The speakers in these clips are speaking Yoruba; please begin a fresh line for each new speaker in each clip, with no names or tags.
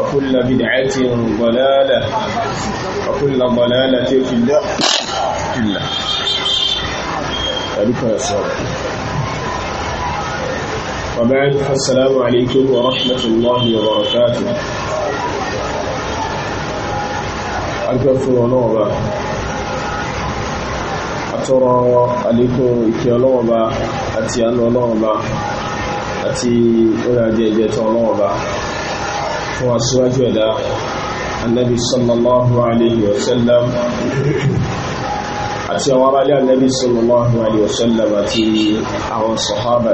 وكل بدعة ضلالة وكل ضلالة في الله إلا ذلك الأسرار وبعد السلام عليكم ورحمة الله وبركاته أكبر ونوبة أترى عليكم إكيالوبة أتيان ونوبة أتي أولا جيجة ونوبة fún aṣíwájú ẹ̀dá annabi sallallahu alayhi wa sallam àti àwọn aráalé annabi sallallahu alayhi wa sallam àti àwọn sahaba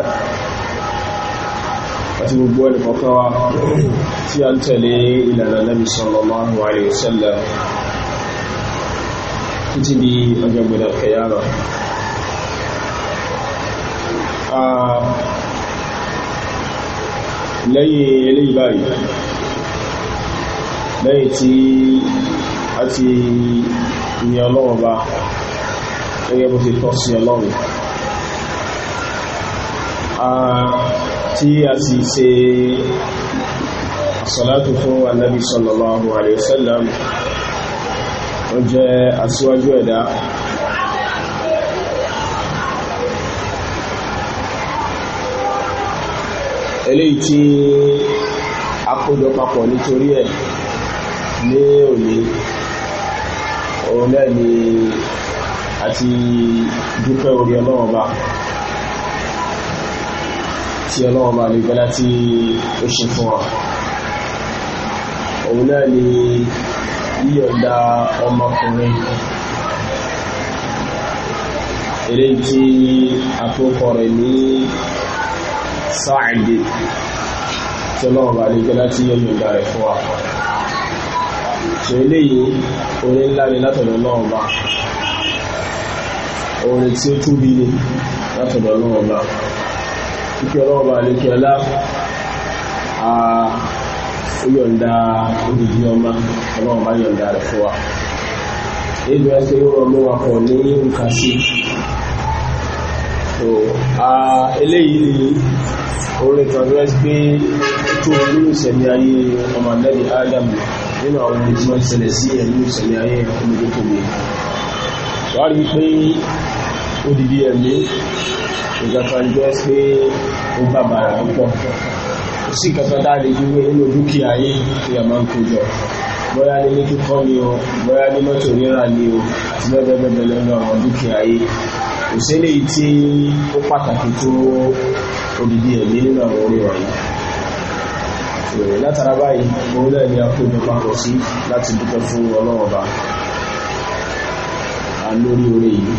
àti gbogbo ẹni kọ̀ọ̀kan wa tí a ń tẹ̀lé ìlànà annabi sallallahu alayhi wa sallam títí di ọjọ́ kẹyàrá ah, lẹ́yìn eléyìí báyìí lẹ́yìn tí a ti ní ọlọ́run bá gẹ́gẹ́ bó ti tọ́ sí ọlọ́run tí a sì ṣe salatu fún anábi sallallahu alayhi wa sallam ó jẹ́ aṣíwájú ẹ̀dá eléyìí tí a kójọ papọ̀ nítorí ẹ̀ ní òní òun náà ni àti dúpẹ́ orí ọlọ́wọ́n bá tí ọlọ́wọ́n bá lè gbọ́lá tí ó ṣe fún wa òun náà ni yíyọ̀dá ọmọkùnrin eré tí àtúnkọ rẹ̀ ní sáàdì tí ọlọ́wọ́n bá lè gbọ́lá tí yíyọ̀dá rẹ̀ fún wa sọ eléyìí orin ńlá ni látọ̀dọ̀ náà bá orin tí ó tóbi ni látọ̀dọ̀ náà bá kíkẹ́ ọlọ́wọ́ bá ní kí ọlá ó yọ̀ǹda odidi ọmọ ọlọ́wọ́ bá yọ̀ǹda rẹ̀ fún wa ebi ẹsẹ̀ yóò rọ̀ mú wa pọ̀ ní nǹkan sí i so eléyìí ni orin kan tó rẹ́sí pé tó nínú ìṣẹ̀lẹ̀ ayé ọmọ lẹ́yìn Adam nínú àwọn ohun tí wọ́n ṣẹlẹ̀ sí ẹ̀ nínú ìṣẹ̀lẹ̀ ayé ọmọdé tó gbé wá rí pé odidi ẹ̀mí ìgbàkanjọ́ pé ó bàbàrà púpọ̀ ó sì kankan dáadé gbígbé nínú dúkìá yìí tí a máa ń kójọ bóyá ní ní kíkọ́ ni o bóyá ní mọ́tò rírà ni o àti bẹ́ẹ̀ bẹ́ẹ̀ bẹ́ẹ̀ lọ́nà àwọn dúkìá yìí òṣèlè tí ó pàtàkì tó odidi ẹ̀mí nínú àwọn orí wọ̀nyí látara báyìí òun náà ni a kó ìjọba pọ̀ sí láti dúpẹ́ fún ọlọ́run ọba lórí orí yìí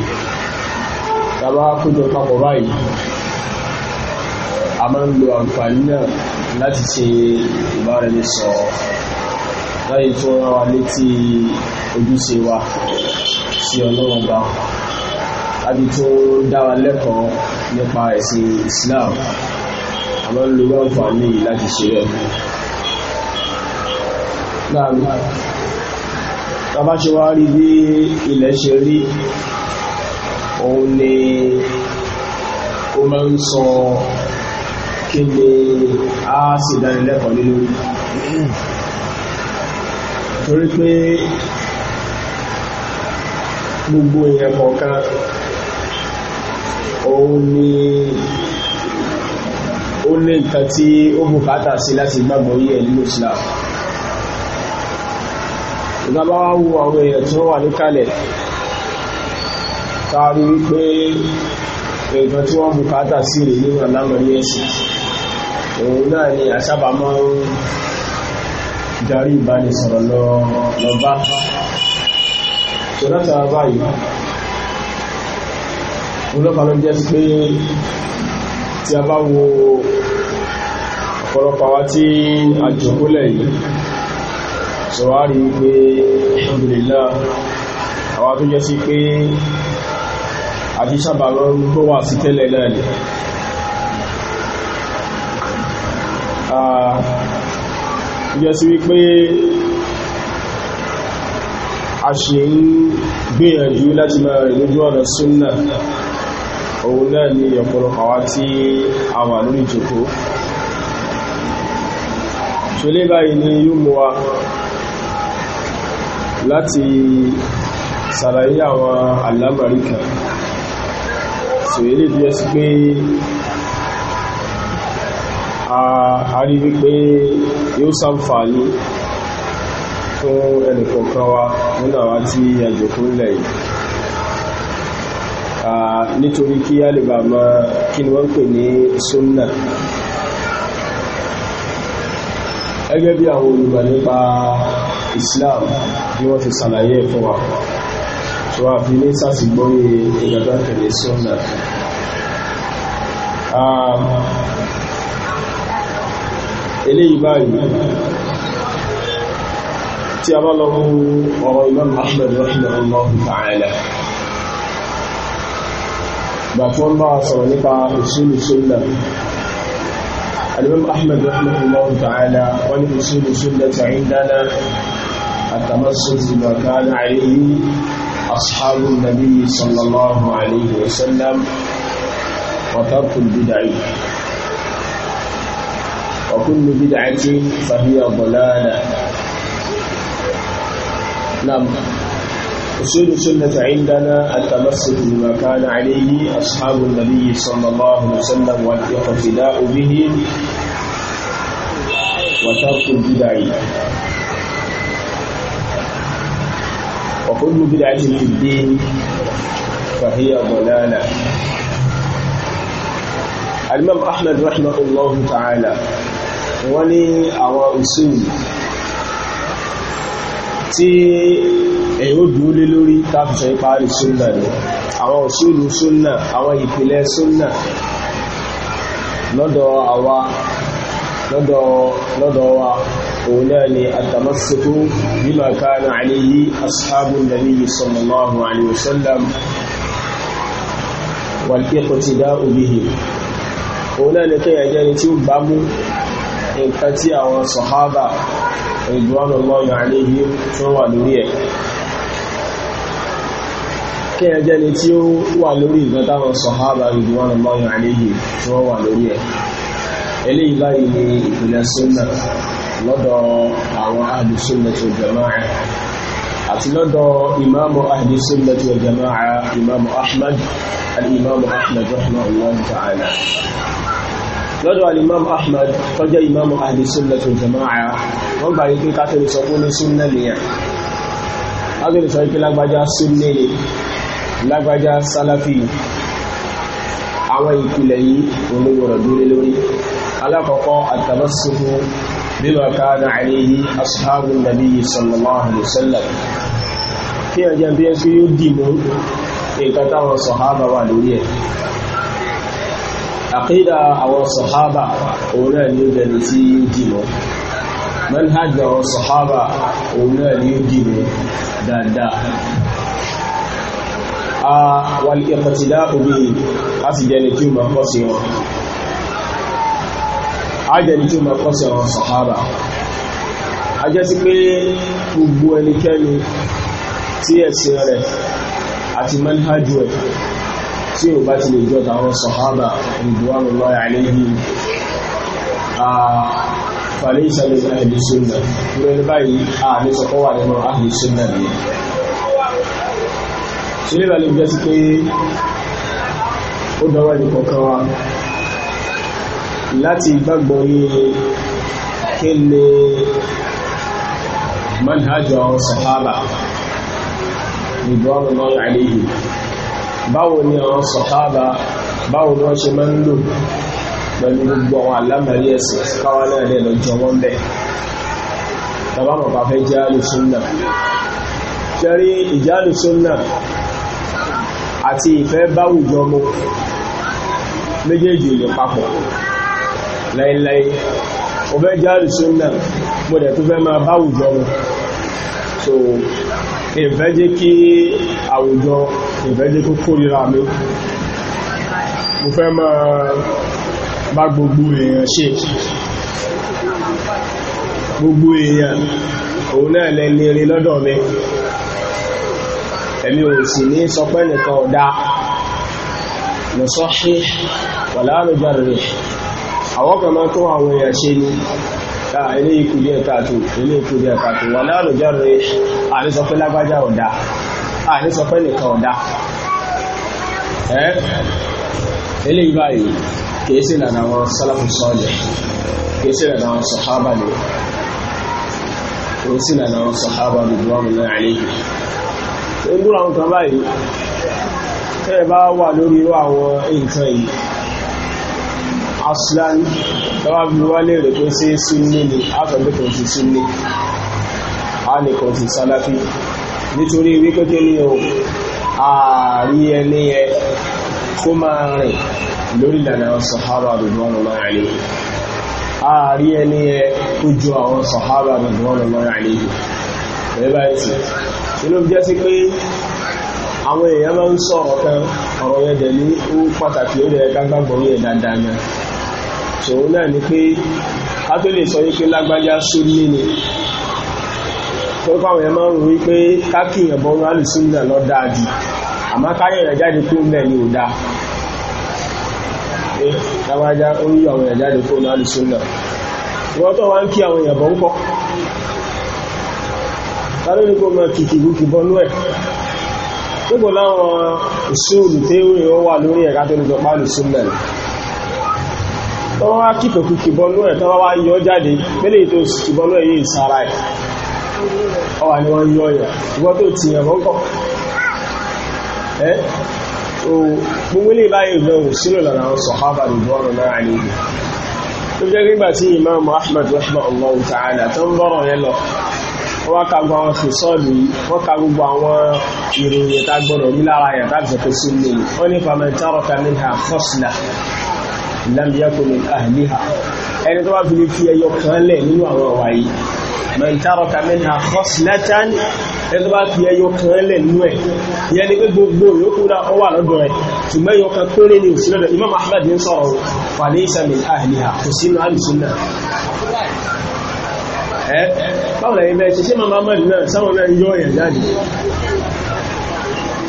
tàbá kójọ papọ̀ báyìí a máa ń lo àǹfààní náà láti ṣe ìbáraẹnisọ̀rọ̀ láyé tó rán wa létí ojúṣe wa sí ọlọ́run bá àti tó dára lẹ́kọ̀ọ́ nípa ẹ̀sìn Islam àmọ́ ń lo àǹfààní láti ṣe rẹ̀ náà tàbá ṣe wá rí bí ilẹ̀ ṣe rí òun ni ó máa ń sọ kí ni a sì dánilẹ́kọ̀ọ́ nínú torí pé gbogbo èèyàn kọ̀ọ̀kan òun ni ó ní nǹkan tí ó bùkátà sí láti gbàgbọ́ yí ẹ̀ nínú Islam ìgbàbá wá wo àwọn èèyàn tí wọ́n wà níkàlẹ̀ tààrí wípé nǹkan tí wọ́n bùkátà sí rè nínú àlámọ̀rí ẹ̀sìn òun náà ni àṣàbà máa ń darí ìbánisọ̀rọ̀ lọ bá tó látara báyìí olófà ló jẹ́ pé tí a bá wo ọ̀pọ̀lọpọ̀ wa tí a jòkólẹ̀ yìí sọ̀wárí pé alhamdulillah àwọn tó jẹ́ sí pé àti sábà lọ tó wà sí tẹ́lẹ̀ náà ni jẹ́ sí wípé a ṣe ń gbìyànjú láti máa rìn lójú ọ̀nà sunnah òun náà ni ọ̀pọ̀lọpọ̀ àwa tí a wà lórí ìjòkó tó báyìí ni yóò mú wa láti sàlàyé àwọn alámàrí kan sòyé lè díẹ̀ sí pé a rí wípé yóò ṣàǹfààní fún ẹnìkọ̀ọ̀kan wa nínú àwọn tí a jòkó lẹ̀ nítorí kí a lè bà mọ̀ kí ni wọ́n pè ní sunna ẹgẹ́ bí àwọn olùgbà nípa Islam bí wọ́n ti sàlàyé fún wa tó wà fi ní sàtìgbóyè ìgbàgbà pẹ̀lú sunna eléyìí báyìí tí a bá lọ mú ọ̀rọ̀ Imam Ahmad rahimahullahu ta'ala ìgbà tí wọ́n bá sọ̀rọ̀ nípa usulu sunna alimam ahmed rahimahullah ta'ala wọ́n ní usulu sunna ta'indana التمسك بما كان عليه أصحاب النبي صلى الله عليه وسلم وترك البدع وكل بدعة فهي ضلالة نعم أصول السنة عندنا التمسك بما كان عليه أصحاب النبي صلى الله عليه وسلم والاقتداء به وترك البدع وكل بدعة في الدين فهي ضلالة الإمام أحمد رحمه الله تعالى ولي أوائل تي ẹ̀yìn ó lórí káfíṣọ ipa súnà ni àwọn òṣèlú súnà àwọn ìpìlẹ̀ súnà lọ́dọ̀ àwa lọ́dọ̀ lọ́dọ̀ wa òun náà ni na alihi kana alayhi ashabu nabiyyi sallallahu alayhi wa sallam wal iqtida'u bihi òun náà ni kí ẹ̀jẹ́ ni tí ó mú nǹkan tí àwọn kí ẹ jẹ́ ni tí ó wà lórí nǹkan táwọn sọ̀hábà ìdúwọ́n lọ́wọ́ àléyè tí wọ́n wà lórí ẹ̀ eléyìí báyìí ni ìpìlẹ̀ súnà lọ́dọ̀ àwọn ahlus-sunnati wal jamā'a àti lọ́dọ̀ ìmáàmù ahlus-sunnati wal jamā'a ìmáàmù ahmad al-ìmáàmù ahmad rahimahullahu lọ́dọ̀ alìmáàmù ahmad tó ìmáàmù ahlus-sunnati wọ́n gbà lágbájá sálàfí àwọn ìpìlẹ̀ yìí olóòrò dúró lórí alákọ̀ọ́kọ́ àtàbásùkú bima kana alayhi ashabu nabiyyi sallallahu alaihi wasallam kí ẹjẹ́ bí ẹ́ sí yóò dìmú nǹkan táwọn sọ̀hábà wà lórí ẹ̀ àkídà àwọn sọ̀hábà òun náà ni ó dẹni tí yóò dìmú manhaj àwọn sọ̀hábà wàlìkẹ̀kọ̀tìlá omi a sì jẹni tí ó ma kọ́ wọn a jẹni tí ó ma wọn sàhábà a jẹ́ sí pé gbogbo ẹnikẹ́ni tí ẹ̀sìn rẹ̀ àti manhajú ẹ̀ tí ò bá ti lè jọ tàwọn sàhábà ridwanullahi alaihim fàlẹ́ ìsàlẹ̀ ahli sunnah lórí báyìí a ní sọ́kọ́ wà nínú ahli sunnah nìyẹn ilé ìbàlẹ̀ jẹ́ sí pé ó dọwọ́ ìdí kọ̀ọ̀kan wa láti gbàgbọ́ ní kí ni manhajọ sọ̀hábà ìbọn náà àlejò báwo ni àwọn sọ̀hábà báwo ni wọ́n ṣe máa ń lò pẹ̀lú gbogbo àwọn alámàrí ẹ̀sìn káwá náà lè lọ jọ wọ́n bẹ̀ tàbá mọ̀pá fẹ́ jẹ́ àlùsùn náà ṣẹ́rí ìjálùsùn náà àti ìfẹ́ báwùjọ mu méjèèjì lè papọ̀ láíláí mo fẹ́ jáde súnà mo dẹ̀ tó fẹ́ máa báwùjọ mu so ìfẹ́ jẹ́ kí àwùjọ ìfẹ́ jẹ́ kó kórìíra mi mo fẹ́ máa bá gbogbo èèyàn ṣe gbogbo èèyàn òun náà lẹ́ni rí lọ́dọ̀ mi èmi ò sì ní sọ pé nìkan ọ̀dá nùsọ́ṣí wàlá àrùjáre àwọn kan máa tó àwọn èèyàn ṣe ni ta ilé ikú díẹ̀ káàtó ilé ikú díẹ̀ káàtó wàlá àrùjáre àní sọ pé lágbájá ọ̀dá àní sọ pé nìkan ọ̀dá ẹ́ eléyìí báyìí kìí sí ìlànà àwọn sálàfù sọ́ọ̀lẹ̀ kìí sí ìlànà àwọn sàhábà ni kìí sí ìlànà àwọn sàhábà ni buwọ́n mi náà àlejò ẹgbúra àwọn kan báyìí tẹ́ bá wà lórí irú àwọn nǹkan yìí aslan lọ́wọ́ bí wá lè rẹ̀ pé sí sílé ni àtọ̀lẹ́ kan ti sílé a nìkan ti sáláfí nítorí wípé kí ni o ààrí ẹni yẹ kó máa rìn lórí ìlànà sàhábà rìdwánù ààrí ẹni yẹ kó jọ àwọn sàhábà rìdwánù lọ́rọ̀ àlè inú jẹ́ sí pé àwọn èèyàn máa ń sọ ọ̀rọ̀ kan ọ̀rọ̀ yẹn dẹ̀ ní ó pàtàkì ó yẹ gbàgbọ́ yẹn dáadáa náà ni pé ká tó lè sọ wípé lágbájá sórí ni tó fáwọn èèyàn máa ń rò wípé ká kìyàn bọ́nú alùsùn náà lọ dáa jù àmọ́ káyọ̀ èèyàn jáde ni ò dáa lágbájá ó ń yọ àwọn èèyàn jáde kó náà alùsùn náà wọ́n tó wá ń kí àwọn èèyàn bọ́ tàbí ní kó mọ̀ kìkì gúkì bọ́nú ẹ̀ nígbò láwọn ìṣòòlù tí ó wà lórí ẹ̀ká tó nìjọ pàálù sí mẹ́rin tó wá kìkì gúkì bọ́nú ẹ̀ tó wá yọ jáde mẹ́lẹ̀ tó kìkì bọ́nú ẹ̀ yìí sára ẹ̀ ọwà ni wọ́n yọ ẹ̀ ìwọ́n tó ti ẹ̀wọ́n kọ̀ ẹ́ gbogbo ilé báyìí lọ sínú ìlànà àwọn sọ̀hábà lùdọ́rùn náà àlejò tó jẹ́ nígbà tí Imam Ahmad rahman Allah ta'ala tó ń bọ́rọ̀ yẹn lọ wọ́n ka gbogbo àwọn fìsọ́ọ̀lù yìí wọ́n ka gbogbo àwọn ìròyìn tá gbọ́dọ̀ ní lára yẹn tá fi pèsè lèyìn wọ́n ní fàmẹ́ntàrọ̀ kàmínà fọ́sìlà ìlànìyàkùn ní àhìlíhà ẹni tó bá fi lè fi ẹyọ kan lẹ̀ nínú àwọn ọ̀wà yìí mẹ́ntàrọ̀ kàmínà fọ́sìlà tán ẹni tó bá fi ẹyọ kan lẹ̀ nínú ẹ̀ yẹn ni pé gbogbo yòókù náà ó wà ẹ̀ ṣùgbọ́n ẹyọ kan péré ni òṣìlẹ̀ Imam Ahmad ń sọ̀rọ̀ fàlẹ́ ìsàmì àhìlíhà kò sínú àlùsùn ẹ́ báwọn ẹ̀yìn bẹ́ẹ̀ ṣe ṣe máa máa mọ̀lì náà sáwọn náà yọ ẹ̀yàn jáde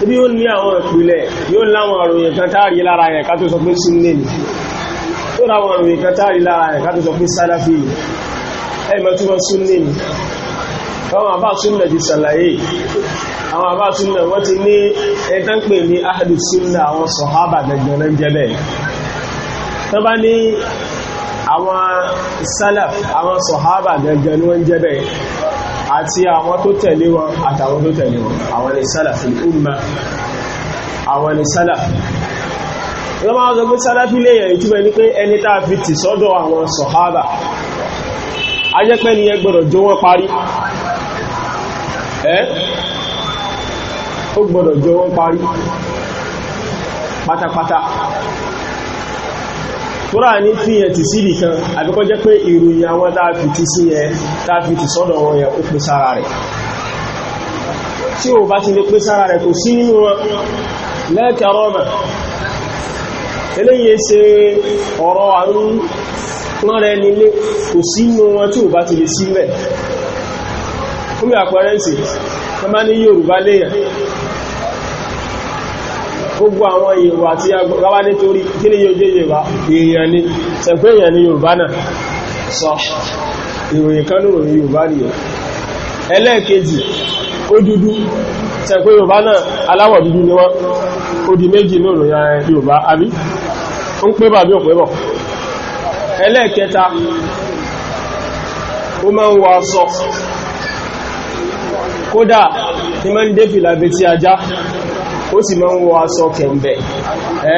ibi yóò ní àwọn ìpìlẹ̀ yóò láwọn àròyìn kan táàrí lára ẹ̀ ká tó sọ pé sínú ní yóò láwọn àròyìn kan táàrí lára ẹ̀ ká tó sọ pé sálàfí ẹ̀ mẹ́túmọ̀ sínú ní àwọn àbá súnnà ti sàlàyé àwọn àbá súnnà wọ́n ti ní ẹ̀tàn pè ní ahadu súnnà àwọn sọ̀hábà gẹ̀gẹ̀ náà jẹ́ bẹ́ẹ̀ àwọn salaf àwọn sọ̀hábà gẹ́gẹ́ ni wọ́n jẹ́ bẹ́ẹ̀ àti àwọn tó tẹ̀lé wọn àtàwọn tó tẹ̀lé wọn àwọn ni salaful umma àwọn ni salaf wọ́n máa sọ pé salafi lè yẹ̀ ìtúbẹ̀ ní pé ẹni tá a fi tì sọ́dọ̀ àwọn sọ̀hábà ajẹ́pẹ́ ni gbọ́dọ̀ jó wọ́n parí ẹ́ ó gbọ́dọ̀ jó wọ́n parí pátápátá tóra ní fi yẹn ti síbì kan àbíkọ́ jẹ́ pé ìròyìn àwọn táàfi ti sí yẹn táàfi ti sọ́dọ̀ wọn yẹn ó pín sára rẹ̀ tí o bá ti lè pín sára rẹ̀ kò sí nínú wọn lẹ́kẹ̀rọ́mà eléyìí ṣe ọ̀rọ̀ àrùn rẹ̀ nílé kò sí nínú wọn tí ó bá ti lè sílẹ̀ fún mi àpẹẹrẹ ìsìn tó bá ní Yorùbá léyàn gbogbo àwọn ìwà tí a gbọ́gbá nítorí kí ni yóò jẹ́ ìwà èèyàn ni sẹ̀pẹ́ èèyàn ni Yorùbá náà sọ ìròyìn kan lóròyìn Yorùbá nìyẹn ẹlẹ́ẹ̀kejì ó dúdú sẹ̀pẹ́ Yorùbá náà aláwọ̀ dúdú ni wọ́n ó di méjì ní ó sì máa ń wọ aṣọ kẹ̀m̀bẹ̀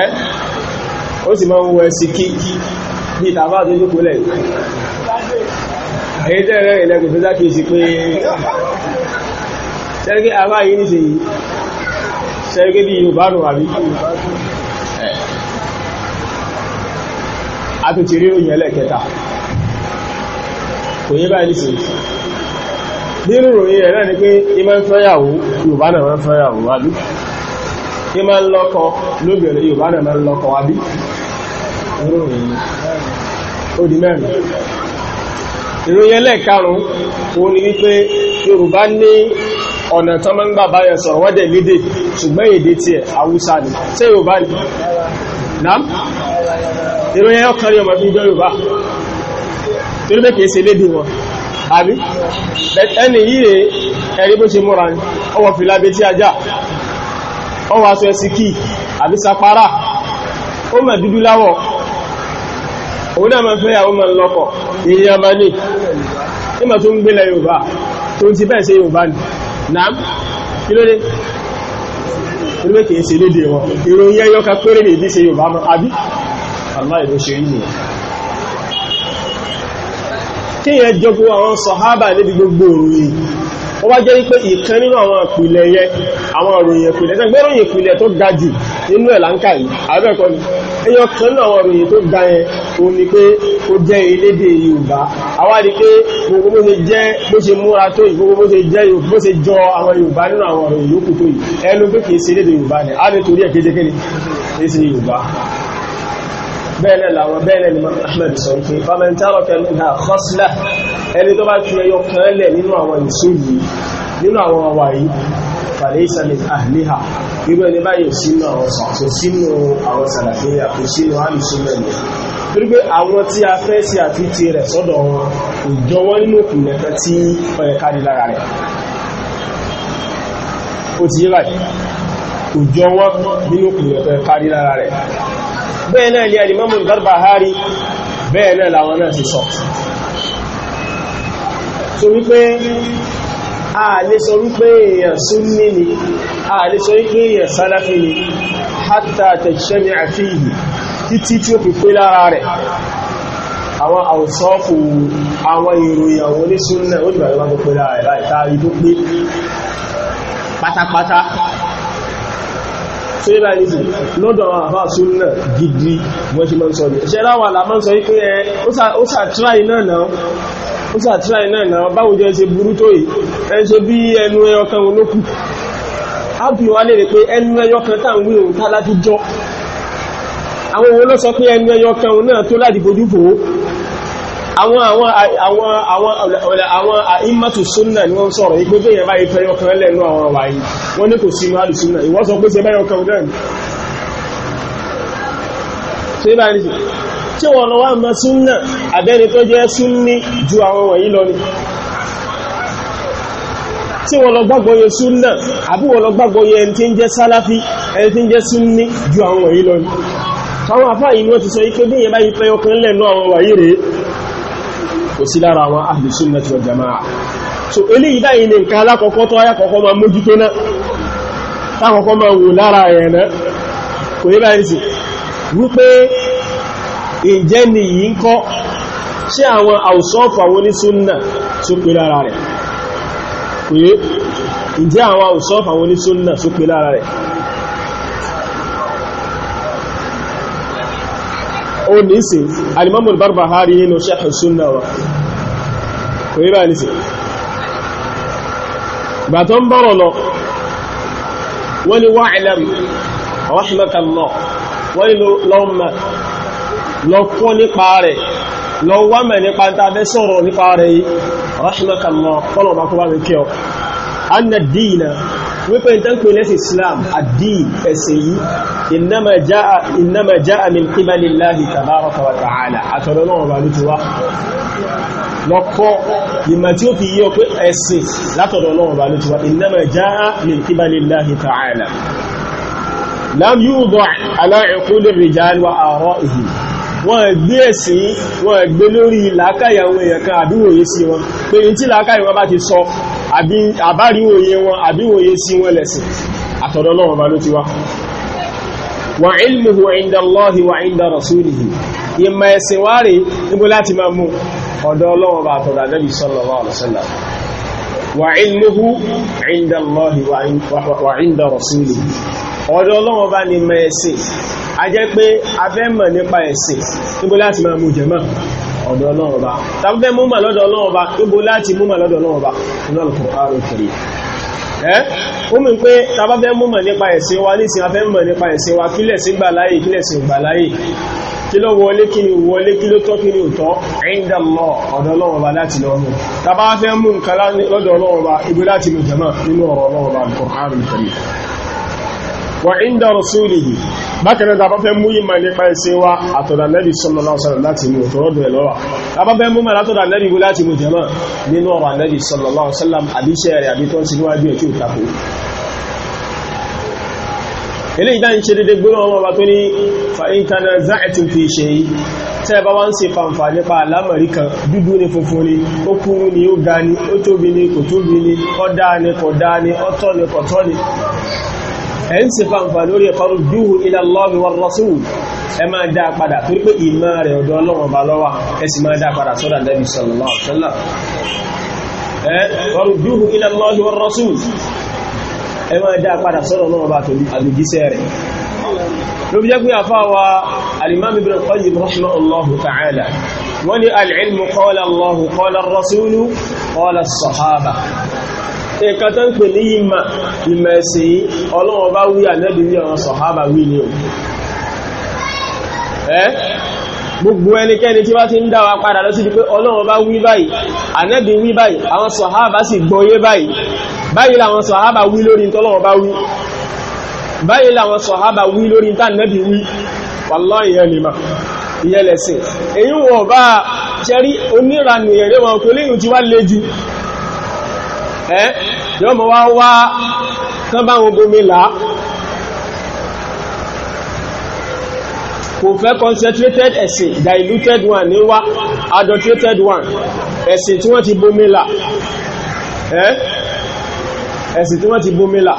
ẹ́ ó sì máa ń wọ ẹsì kíkí bí ìtàbá tó lẹ̀ èyí tẹ́rẹ ìlẹ́gbẹ̀ tó dákìí pé ṣẹ́gbẹ́ àbá yìí ní ṣèyí ṣẹ́gbẹ́ bí yorùbá nù àbí a rí ẹlẹ́kẹta kò báyìí nínú ìròyìn rẹ̀ náà ni pé ìmọ̀ ń ní máa ń lọ́kọ lóbìnrin Yorùbá náà máa ń lọ́kọ àbí ó di mẹ́rin ìròyìn ẹlẹ́ẹ̀karùn-ún òun ni wípé Yorùbá ní ọ̀nà tán máa ń gbà báyẹ̀ sọ̀rọ̀ wọ́n dẹ̀ lédè ṣùgbọ́n èdè tí ẹ̀ Haúsá ni tí Yorùbá ni nám ìròyìn ọkàrí ọmọ bí jọ Yorùbá tó lébẹ̀ kìí ṣe lédè wọn àbí ẹni yìí ẹ̀rí bó ṣe múra ọwọ́ fìlà bẹ́tí ajá ó wá aṣọ ẹsìkì àbí sapara ó mọ̀ dúdú láwọ̀ òun náà máa fẹ́ àwọn ọmọ lọ́kọ̀ èèyàn bá ní ìmọ̀ tó ń gbélẹ̀ Yorùbá tó ti bẹ́ẹ̀ sí Yorùbá ní náà kí ló dé ilé kìí ṣe lédè wọn ìròyìn ẹyọ ká péré lè bí ṣe Yorùbá mọ́ àbí àmá ìlú ó wá jẹ́ wípé ìkan nínú àwọn ìpìlẹ̀ yẹn àwọn òròyìn ìpìlẹ̀ tẹ́ gbẹ́ròyìn ìpìlẹ̀ tó ga jù nínú ẹ̀ láńkà yìí àbẹ́ẹ̀kọ́ ni èyàn kan nínú àwọn òròyìn tó ga yẹn ó ní pé ó jẹ́ elédè Yorùbá àwa rí pé gbogbo bó ṣe jẹ́ bó ṣe múra tó yìí gbogbo bó ṣe jẹ́ bó ṣe jọ àwọn Yorùbá nínú àwọn òròyìn yòókù tó yìí ẹnu pé kìí ṣe elédè Yorùbá ni á ní torí ẹ̀ kéjekele kìí ṣe Yorùbá bẹ́ẹ̀lẹ̀ làwọn bẹ́ẹ̀lẹ̀ ni Ahmed sọ pé fàmẹ́ntàrọ̀kẹ́ minha khasla ẹni tó bá fi ẹyọ kan lẹ̀ nínú àwọn ìṣó yìí nínú àwọn ọwà yìí fàlẹ́sà lè àhìlíhà irú ẹni báyìí sínú àwọn sọ sínú àwọn sàlàfíà kò sínú àlùsílẹ̀ ni torí pé àwọn tí a fẹ́ sí àfitì rẹ̀ sọ́dọ̀ wọn kò jọ wọ́n nínú ìpìlẹ̀ kan tí ọ̀yẹ̀ká di lára rẹ̀ ó ti yé báyìí kò jọ wọ́n nínú ìpìlẹ̀ kan kárí lára rẹ̀ bẹ́ẹ̀ náà ni alimamu Barbahari bẹ́ẹ̀ náà làwọn náà ti sọ so wípé a lè sọ wípé èèyàn súnmí ni a lè sọ wípé èèyàn sálàfí ni hátà tẹ̀ṣẹ́mì àfihì títí tí ó fi pé lára rẹ̀ àwọn àwòsọ́fù àwọn ìròyìn àwọn oníṣúnnà ó dìbà ṣe é báyìí sí lọ́dọ̀ àwọn àfáà súnnà gidi wọ́n ṣe máa ń sọ ní ṣe láwà là máa ń sọ wípé ẹ ó sàtíráì náà náà ó sàtíráì náà náà báwùjọ ṣe burú tó yìí ẹ ṣe bí ẹnu ẹyọkan wọn ló kù á bí lè rí pé ẹnu ẹyọkan tá à ń wí òun tá láti jọ àwọn òun ló sọ pé ẹnu ẹyọkan òun náà tó láti fojú fòó àwọn àwọn àwọn àwọn àwọn àìmọ́tò súnnà ni wọ́n sọ̀rọ̀ ipé tó yẹn báyìí fẹ́yọ kan lẹ́nu àwọn wáyé wọ́n ní kò sí inú àlù súnnà ìwọ́n sọ pé ṣe báyọ kan náà ṣe bá ní ṣe wọ́n lọ wá mọ́ súnnà àbẹ́ni tó jẹ́ súnní ju àwọn wọ̀nyí lọ ni tí wọ́n lọ gbàgbọ́ yẹ súnnà àbí wọ́n lọ gbàgbọ́ yẹ ẹni tí ń jẹ́ sálàfí ẹni tí ń jẹ́ súnní ju àwọn wọ̀nyí lọ ni àwọn àfáà yìí wọ́n ti sọ ipé bí ìyẹn báyìí fẹ́yọ kan lẹ́nu àwọn wáyé rèé kò sí lára àwọn ahlu sunnati wal jamaa so eléyìí báyìí ni nǹkan alákọ̀ọ́kọ́ tó ayákọ̀ọ́kọ́ máa mójútó náà tákọ̀ọ́kọ́ máa wò lára rẹ̀ náà kò yí báyìí sí wípé ìjẹ́ ni yìí ń kọ́ ṣé àwọn àwùsọ́ọ̀fù àwọn onísúnnà tó pé lára rẹ̀ tó pé lára rẹ̀ ó ní sí alimamul barbahari nínú sharh sunna wa kò rí bá ní sí bàtọ́ ń bọ́rọ̀ lọ wọ́n ni wa'lam rahmakallah wọ́n ni lọ́mà lọ kọ́ nípa rẹ̀ lọ wámẹ̀ nípa tàbẹ́ wípé ìtànkù ilẹ̀ islam àdí ẹ̀sẹ̀ yìí إنما جاء إنما جاء من قبل الله تبارك وتعالى أتولون وبالتوا lọ́pọ̀ ìmọ̀ tí ó fi yíò pé ẹ̀sìn látọ̀dọ̀ Ọlọ́run bá ló ti wá إنما جاء من قبل الله تعالى لم يوضع على عقول الرجال وآرائهم wọ́n gbé ẹ̀sìn wọ́n gbé lórí làákàyà àwọn èèyàn kan àbíwòye sí wọn pé ní tí làákàyà wọn bá ti sọ àbáríwòye wọn àbíwòye sí wọn lẹ̀sìn àtọ̀dọ̀ Ọlọ́run bá ló ti wá wà ilmuhu inda Allahi wà inda rasulihi ìmọ̀ ẹ̀sìn wá rí níbo láti máa mú ọ̀dọ̀ ọlọ́wọ́ bá tọ̀dọ̀ Ànábì sallallahu alaihi wasallam wà ilmuhu inda Allahi wà inda rasulihi ọ̀dọ̀ ọlọ́wọ́ bá ní mọ̀ tàbí fẹ́ mú lọ́dọ̀ ọlọ́wọ́ bá níbo láti mú lọ́dọ̀ ọlọ́wọ́ bá nínú Al-Qur'an al ó mú pé tàbá fẹ́ mú mọ̀ nípa ẹ̀sìn wa ní ìsìn afẹ́ mọ̀ nípa ẹ̀sìn wa kílẹ̀ sí gbà láyé kílẹ̀ sí gbà láyé kí ló wọlé kí ni wọlé kí ló tọ́ kí ni òtọ́ ẹ̀yìndà lọ ọ̀dọ̀ Ọlọ́run Ọba láti lọ mú tàbá fẹ́ mú nǹkan lọ́dọ̀ Ọlọ́run Ọba ibi láti lò jẹ́mọ̀ nínú ọ̀rọ̀ Ọlọ́run Ọba nǹkan àrùn ìtẹ̀lẹ̀ wà ìndà rasulihi bákanáà tàbá fẹ́ mú ìmọ̀ nípa ẹ̀sẹ̀ wa àtọ̀dà nẹ́bí sallallahu alaihi wasallam láti mú ọ̀tọ̀rọ̀dọ̀ ẹ̀ lọ́wà tàbá fẹ́ mú mọ̀ látọ̀dà nẹ́bí wú láti mú jẹ́mọ́ nínú ọ̀rọ̀ nẹ́bí sallallahu alaihi wasallam àbíṣẹ́ rẹ̀ àbí tó ń sinúwájú ẹ̀ tí ó tako ilé ìdá ń ṣe dédé gbóná ọmọ ọba tó ní fa'íkaná za'atin fi ṣe yí tẹ́ bá wọ́n ṣe fàǹfà nípa alámàrí kan dúdú ní funfun ní ó kúrú ní ó ga ní ó tóbi ní kò tóbi ní ó dáa ní kò dáa ní ó tọ́ ní kò tọ́ ní ẹ̀ ń sì fàǹfà lórí ẹ̀fọ́rù dúhù ila Allahi war rasul ẹ máa dá padà torí pé ìmọ̀ rẹ̀ ọ̀dọ̀ ọlọ́wọ̀n bá lọ́wà ẹ sì máa dá padà sọ́dà Nabi sallallahu alaihi wasallam ẹ warudduhu ila Allahi war rasul ẹ máa dá padà sọ́dọ̀ ọlọ́wọ̀n bá torí àdùjíṣẹ́ rẹ̀ ló jẹ́ pé àfáwa al-Imam Ibn Qayyim rahimahullahu ta'ala wọ́n ni al-ilmu nǹkan tó ń pè ní ìmà ìmà ẹ̀sìn yìí ọlọ́wọ́ bá wí ànẹ́bì ní ọ̀rọ̀ sọ̀hábà wí ní o ẹ́ gbogbo ẹnikẹ́ni tí wá ti ń dá wa padà lọ sí ti pé ọlọ́wọ́ bá wí báyìí ànẹ́bì wí báyìí àwọn sọ̀hábà sì gbọ́yé báyìí báyìí làwọn sọ̀hábà wí lórí tọ́lọ́wọ́ bá wí báyìí làwọn sọ̀hábà wí lórí tánẹ́bì wí wallahi ìyẹn lè mà ìyẹn lẹ̀sìn ẹ́ yọ́ mọ̀ wá wá tán bá wọn bomi là kò fẹ́ concentrated ẹ̀sìn diluted one ní wá adulterated one ẹ̀sìn tí wọ́n ti bomi là ẹ́ ẹ̀sìn tí wọ́n ti bomi là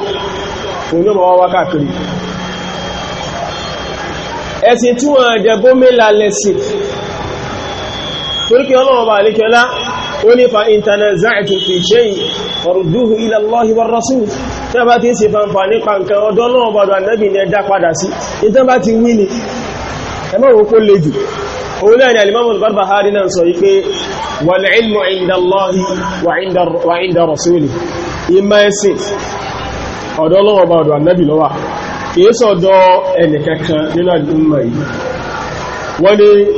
kò ní ọmọ wá wá káàkiri ẹ̀sìn tí wọ́n jẹ bomi là lẹ́sìn torí kí ọlọ́run bá àlékẹ́lá ó ní fa ìntànà záàtù fi ṣe ọ̀rùdúhù ila Allahi wa rasul tí a bá ti ń ṣe fanfà nípa nǹkan ọdọ́ náà bọ̀dọ̀ annabi ni ẹ̀dá padà sí ìtàn bá ti wí ni ẹmọ́ wo kó le jù òun náà ni alimamu al-Barbahari náà sọ wípé wal ilmu inda Allahi wa wọ́n ni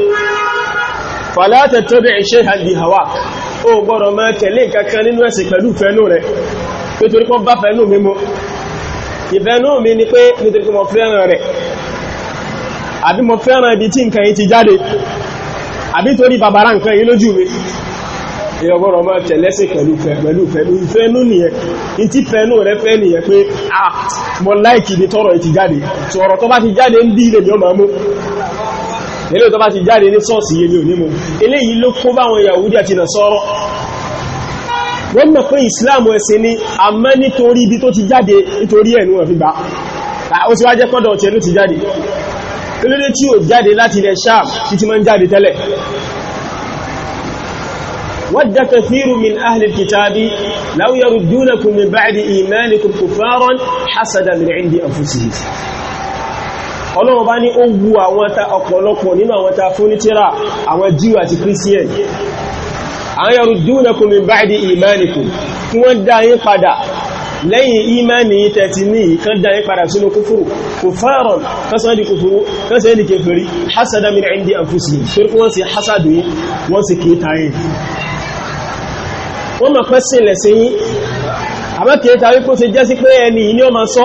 fàlátẹ̀ tọ́bẹ̀ ìṣẹ́ hàn bí ó gbọ́dọ̀ máa tẹ̀lé kankan nínú ẹ̀sìn pẹ̀lú fẹ́nú rẹ̀ nítorí pọ́ bá fẹ́nú mi mú ìfẹ́nú mi ni pé nítorí pọ́ mọ̀ fẹ́ràn rẹ̀ àbí mo fẹ́ràn ibi tí nǹkan yìí ti jáde àbí torí bàbára nǹkan yìí lójú mi ìyọgọ́rọ̀ máa tẹ̀lẹ́sì pẹ̀lú pẹ̀lú pẹ̀lú ìfẹ́nú nìyẹn in ti fẹ́nú rẹ fẹ́ nìyẹn pé ah mo láìkì ní tọ́rọ̀ ìti jáde tọ́rọ̀ tó bá ti jáde ń bí ilẹ̀ ni ó máa mú ilé tó bá ti jáde ní sọ́ọ̀sì yé ní onímú eléyìí ló kó báwọn Yahudi àti Nasara wọ́n mọ̀ pé Islam ẹ̀sìn ni àmọ́ nítorí ibi tó ti jáde nítorí ẹ̀nu wọn fi gbà ó ti wá jẹ́ kọ́dọ̀ ọ̀tẹ̀ ló ti jáde olóde tí ó jáde láti ilẹ̀ Sham títí máa ń jáde tẹ́lẹ̀ ود كثير من أهل الكتاب لو يردونكم من بعد إيمانكم كفارا حسدا من عند أنفسهم ọlọ́run bá ní ó wu àwọn ta ọ̀pọ̀lọpọ̀ nínú àwọn ta fún nítírà àwọn Jew àti Christian àwọn yọrù dúnakùn min ba'di ìmánikùn kí wọ́n dá yín padà lẹ́yìn ìmáni tẹ̀tì ní kan dá yín padà sínú kúfúrù kò fẹ́ràn kásán di kúfúrú kásán di kèfèrí hasada min indi anfusihim torí wọ́n sì hasadu yín wọ́n sì kéta yín wọ́n mọ̀ pẹ́sìn lẹ̀sìn yín àbẹ́kẹta wípé ó ti jẹ́ sí pé ẹni yìí ni ó máa sọ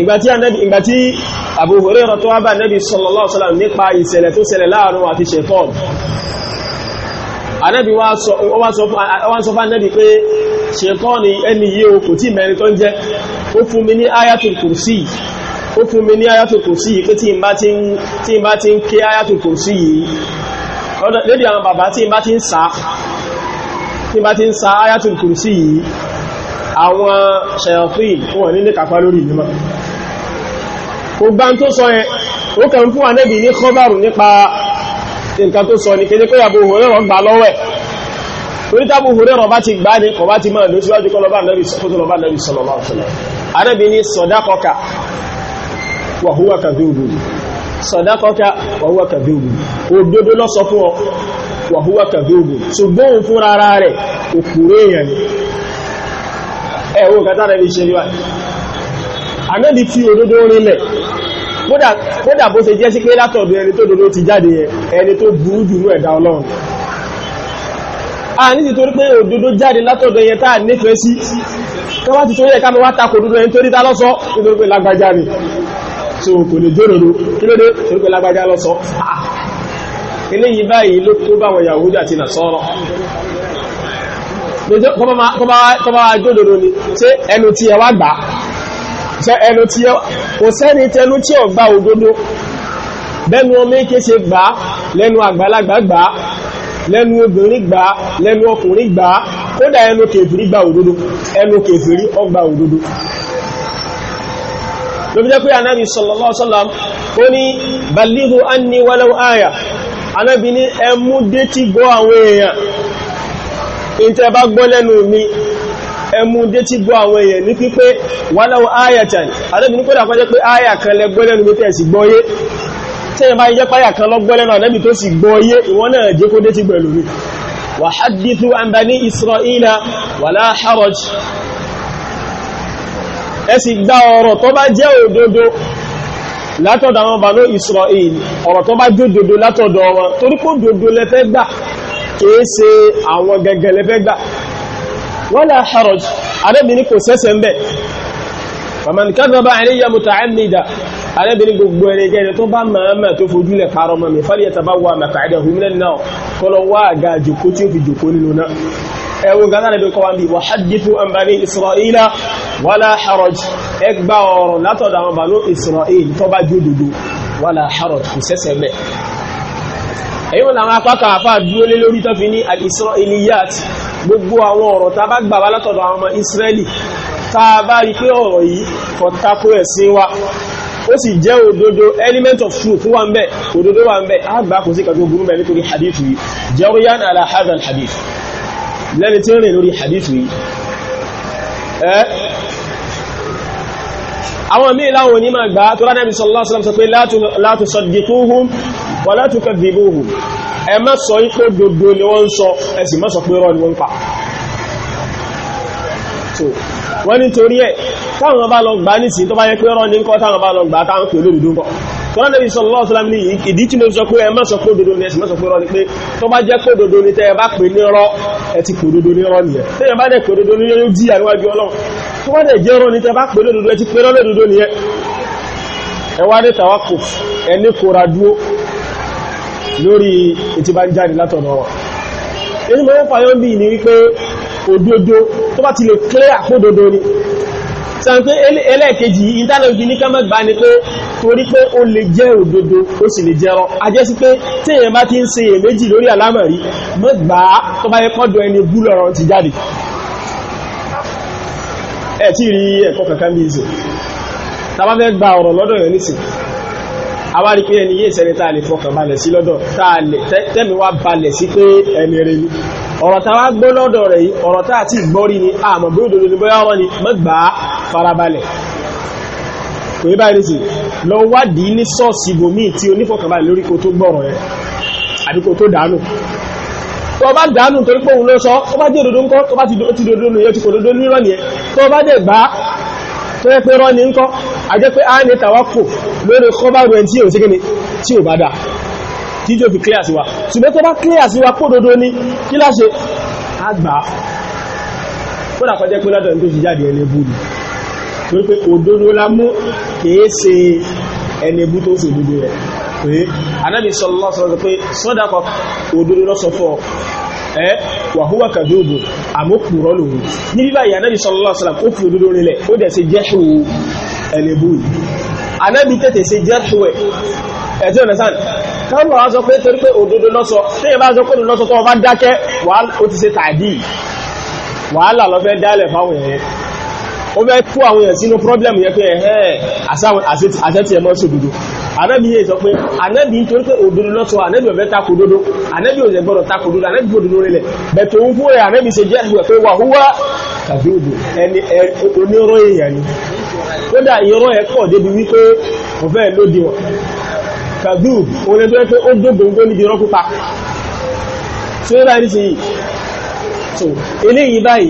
ìgbàtí ànábì ìgbàtí Abu Hurairah tó wá bá ànábì sallallahu alaihi wasallam nípa ìṣẹ̀lẹ̀ tó ṣẹlẹ̀ láàrin àti ṣẹ̀tọ́n ànábì wá sọ fún ànábì pé ṣẹ̀tọ́n ẹni yìí o kò tí mẹ́rin tó ń jẹ́ ó fún mi ní ayatul kursi ó fún mi ní ayatul kursi yìí pé tí n bá ti ń ké ayatul kursi yìí lédè àwọn bàbá tí n bá kàfà lórí ìlú kò gbá tó sọ yẹn ó kàn fún ànẹ́bì ní kọ́bàrù nípa nǹkan tó sọ ní kéde pé àbò òhòrẹ́ rọ̀ gbà lọ́wẹ́ torí tábò òhòrẹ́ rọ̀ bá ti gbá ní kọ̀ bá ti máa lóṣíwájú kọ́lọ́bà nẹ́bì sallallahu alaihi wasallam ànẹ́bì ní sadaqaka wa huwa kadhubu sadaqaka wa huwa kadhubu òdodo ló sọ fún ọ wa huwa kadhubu ṣùgbọ́n òun fúnra rẹ̀ fi ṣe rí kódà bó ṣe jẹ́ sí pé látọ̀dọ̀ ẹni tó dodo ti jáde yẹn ẹni tó burú jù ní ẹ̀dá ọlọ́run a ní ti torí pé òdodo jáde látọ̀dọ̀ yẹn tá à nífẹ̀ẹ́ sí tó bá ti torí ẹ̀ ká mọ́ wá takò òdodo yẹn torí tá lọ́sọ́ nítorí pé lágbájá ni so kò lè jódodo kí ló dé torí pé lágbájá lọ́sọ́ ah! eléyìí báyìí ló tó báwọn Yahudi àti Nasara kọ́bá wá jódodo ni ṣé ẹnu tí ẹ wá gbà ẹnu tí ó kò sẹ́ni tẹnu tí ó gba òdodo bẹ́nu ọmọ èké ṣe gbà lẹ́nu àgbàlagbà gbà lẹ́nu obìnrin gbà lẹ́nu ọkùnrin gbà kódà ẹnu kèfèrí gba òdodo ẹnu kèfèrí ó gba òdodo ló fi jẹ́ pé anábi sallallahu alaihi wasallam ó ní balighu anni walau aya anábi ní ẹmú dé ti gbọ́ àwọn èèyàn ìtẹ́ bá gbọ́ lẹ́nu mi ẹmú dé tí gbọ́ àwọn èèyàn ní pípé wàláwọ̀ ayatan alẹ́bì ní kódà kọjẹ́ pé aya kan lẹ gbọ́lẹ́nu mi tẹ̀sí gbọ́yé tẹ́yìn bá jẹ́ páyà kan lọ́gbọ́lẹ́nu alẹ́bì tó sì gbọ́yé ìwọ́n náà jẹ́ kó dé tí gbẹ̀lú mi wà hadithu an bani isra'ila wàlá haraj ẹ sì gba ọ̀rọ̀ tó bá jẹ́ òdodo látọ̀dọ̀ àwọn bàánú isra'il ọ̀rọ̀ tó bá jódodo látọ̀dọ̀ wọn torí kó dodo lẹ́fẹ́ gbà kìí ṣe àwọn gẹ́gẹ́ lẹ́fẹ́ gbà wala haraj arẹ́bìnrin kò sẹ́sẹ̀ ń bẹ̀ faman kadhaba alayya muta'ammida arẹ́bìnrin gbogbo ẹni jẹ́ tó bá màámà tó fojú lẹ̀ kárọ mọ́ mi falyatabawwa maq'adahu minan nar kọlọ wá àga jòkó tí ó fi jòkó nínú náà ẹwọ gánà lè kọwa bí wa hadithu an bani isra'ila wala haraj ẹgbà ọ̀rọ̀ látọ̀dọ̀ àwọn bani isra'il tó bá jó gbogbo àwọn ọ̀rọ̀ tá a bá gbà wá látọ̀dọ̀ àwọn ọmọ Ísírẹ́lì tá a bá rí pé ọ̀rọ̀ yìí kò tako ẹ̀sìn wa ó sì jẹ́ òdodo element of truth wà ń bẹ òdodo wà ń bẹ á gbà kò sí kàtó burú bẹ̀ nítorí hadith yìí jẹ́rìyàn ala hadha hadith lẹ́ni tí ń rìn lórí hadith yìí ẹ́ àwọn míì láwọn onímọ̀ gbà tó rádẹ́bí sallallahu alaihi wasallam sọ pé la tusaddiquhum wa la tukadhibuhum ẹ má sọ ipé dodo ni wọ́n ń sọ ẹ sì má sọ pé rọ́ ni wọ́n ń pa wọ́n nítorí ẹ̀ táwọn bá lọ gbà nísìn tó bá yẹ pé rọ́ ní kọ́ táwọn bá lọ gbà táwọn pè olóòdòdó ń kọ́ tọ́lá nẹ́bí sọ lọ́wọ́ sọ́lá ní ìdí tí mo sọ pé ẹ má sọ pé òdodo ni ẹ sì má sọ pé rọ́ ni pé tó bá jẹ́ pé òdodo ni tẹ́ ẹ bá pè ní rọ́ ẹ ti pè òdodo ní rọ́ nìyẹn tẹ́ ẹ bá dẹ̀ pè òdodo ní yóò jí àríwájú ọlọ́run tó bá dẹ̀ jẹ́ rọ́ ni tẹ́ bá pè lódodo ẹ ti pè rọ́ lódodo nìyẹn ẹ wá dé tàwákò ẹ ní kóra dúró lórí ètí bá ń jáde látọ̀dọ̀ wọn èyí mọ́ fàyọ́ bí ní wípé òdodo tó bá ti lè clear àkódodo ni sàn pé ẹlẹ́ẹ̀kejì ìntánẹ̀tì ní kámẹ́gbà ni pé torí pé ó lè jẹ́ òdodo ó sì lè jẹ́rọ ajẹ́sí pé tí èyàn bá ti ń ṣe èméjì lórí àlámọ̀rí mọ́gbà tó bá yẹ kọ́dọ̀ ẹni bú lọ́rọ̀ ti jáde ẹ̀ tí rí ẹ̀kọ́ kankan bí ìsìn tàbá fẹ́ gba ọ̀rọ̀ lọ́dọ̀ yẹn nísìn àwárí pé ẹni yé ìsẹ́ni tá a lè fọkàn balẹ̀ sí lọ́dọ̀ tá a lè tẹ́mi wá balẹ̀ sí pé ẹni rẹ ni ọ̀rọ̀ tá a wá gbọ́ lọ́dọ̀ rẹ̀ yìí ọ̀rọ̀ tá a ti gbọ́ rí ni àmọ́ bí òdodo ni bóyá ọ̀rọ̀ ni mọ́gbà farabalẹ̀ kò yẹ báyìí sí lọ wádìí ní sọ́ọ̀sì ibòmíì tí onífọkànbalẹ̀ lórí kó tó gbọ́rọ̀ yẹn àbí kó tó dànù tó bá dánù torí pé òun ló sọ tó bá jẹ́ òdodo ńkọ́ tó bá ti dodo nìyẹn ti kò dodo nírọ́ nìyẹn tó bá dẹ̀ gbá tó yẹ pé rọ́ ní ńkọ́ a jẹ́ pé a ní tàwákò lórí kọbárù ẹn tí ò sí kíni tí ò bá dá tí jò fi clear sí wa ṣùgbọ́n tó bá clear sí wa kó dodo ní kí láṣe àgbà ó dàkọ́ jẹ́ pé lọ́dọ̀ tó fi jáde ẹni bú ni torí pé òdodo la mú kìí ṣe ẹni bú tó ṣe dodo rẹ̀ pé anábì sọlọ́ sọ pé sọ́dàkọ òdodo lọ́sọ fọ́ ẹ́ wàhúwà kàdóòbò àmókùrọ́ lòun ní bíbá ìyànàbì sọlọ́ sọlọ́ kó fi òdodo rinlẹ̀ ó dẹ̀ ṣe jẹ́ṣù ẹni bú yìí anábi tètè ṣe jẹ́rù ẹ̀ ẹ̀tí ọ̀nà sáà kọ́mọ̀ wá sọ pé torí pé òdodo lọ́sọ ẹ bá sọ pé lọ́sọ tó bá dákẹ́ ó ti ṣe tàdí wàhálà lọ fẹ́ dálẹ̀ fáwọn èèyàn ó fẹ́ kó àwọn èèyàn sínú problem yẹn pé ẹ̀hẹ́ àṣẹ́tì sọ pé anábi torí pé òdodo lọ́sọ anábi ọ̀fẹ́ takò dodo ò dodo òun fún ṣe pé ni kódà ìran ẹ̀ pọ̀ débi wípé kò fẹ́ lódi wọn kàdú orin tó yẹ pé ó dógóngó níbi irọ́ pípa tí ó báyìí sí so eléyìí báyìí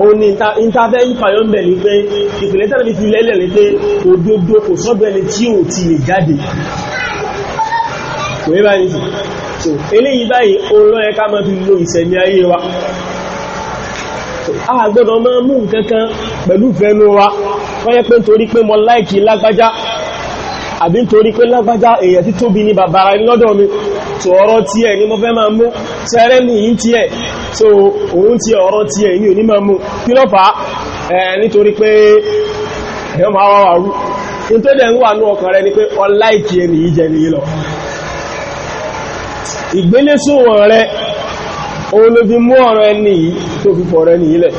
òun ni ìntafẹ́ ìfàyọ́ ń bẹ̀ ní pé ìpìlẹ̀ tẹ́lẹ̀ fi lẹ́lẹ̀ ní pé òdodo kò sọ́dọ̀ ẹni tí ò ti lè jáde kò yẹ báyìí sí so eléyìí báyìí olóyẹ ká máa fi lo ìṣẹ̀mí ayé wa a gbọ́dọ̀ ma mú nǹkankan pẹ̀lú fẹ́nu wa wọ́n yẹ pé nítorí pé mo láìkì lágbájá àbí nítorí pé lágbájá èèyàn tí tóbi ní bàbá rẹ̀ lọ́dọ̀ mi tó ọ̀rọ̀ tí ẹ̀ ní mo fẹ́ máa mú tẹ́rẹ́ ní yí tí ẹ̀ tó òun tí ọ̀rọ̀ tí ẹ̀ ní òní máa ni mú tó fi fọ̀rẹ́ ní ilẹ̀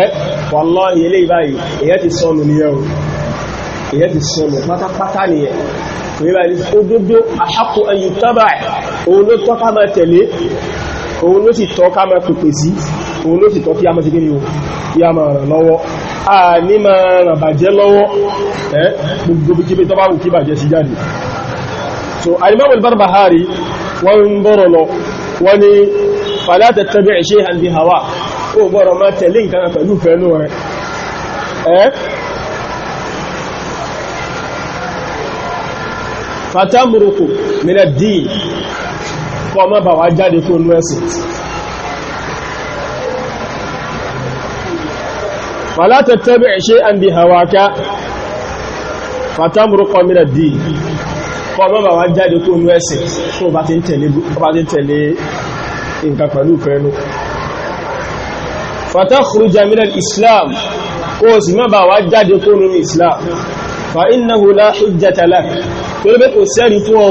ẹ́ wàlọ́ ilé ìbáyìí èyẹ́ ti sọnù nìyẹn o èyẹ́ ti sọnù pátápátá nìyẹn kò yíba ní òdodo àṣàkó ẹ̀yìn tábà òun ló tọ́ ká máa tẹ̀lé òun ló sì tọ́ ká máa pèpè sí òun ló sì tọ́ kí a máa ti gíní o kí a máa ràn lọ́wọ́ a ní máa ràn bàjẹ́ lọ́wọ́ ẹ́ gbogbo kíbi tó bá wù kí bàjẹ́ sí jáde so Al-Imam Al-Barbahari wọ́n ń bọ̀rọ̀ lọ wọ́n ní fala tattabi' shay'an bi hawa ó gbọ́rọ̀ máa tẹ̀lé nǹkan pẹ̀lú fẹ́nu rẹ̀ ẹ́ fatamruku min ad-din kọ́ má bà wá jáde fún inú ẹ̀sìn fala tattabi' shay'an bi hawaka fatamruku min ad-din kọ́ má bà wá jáde fún inú ẹ̀sìn tó bá ti tẹ̀lé nǹkan pẹ̀lú fẹ́nu fatakhruja min al-islam kó o sì má bà wá jáde kó nínú islam fa innahu la hujjata lak tó lè kò sẹ́rì fún ọ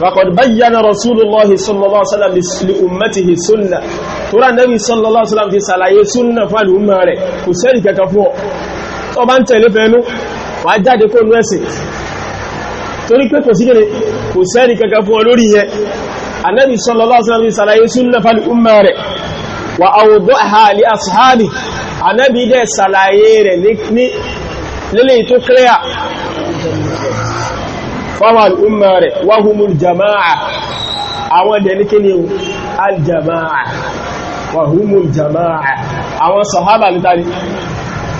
faqad bayyana rasulullahi sallallahu alaihi wasallam li ummatihi sunnah tó rà nabi sallallahu alaihi fi sàlàyé sunna fàlù umma rẹ̀ kò sẹ́rì kẹta fún ọ tó bá ń tẹ̀lé fẹ́nu wà jáde kó torí pé kò sí kò sẹ́rì kẹta fún ọ yẹn annabi sallallahu alaihi wasallam ṣàlàyé sunna fal umma rẹ̀ wa awdaha li ashabi annabi dẹ̀ ṣàlàyé rẹ̀ ní lele tó clear fama al umma rẹ̀ wa humul jamaa àwọn de nike ni al jamaa wa humul jamaa àwọn sahaba ni tani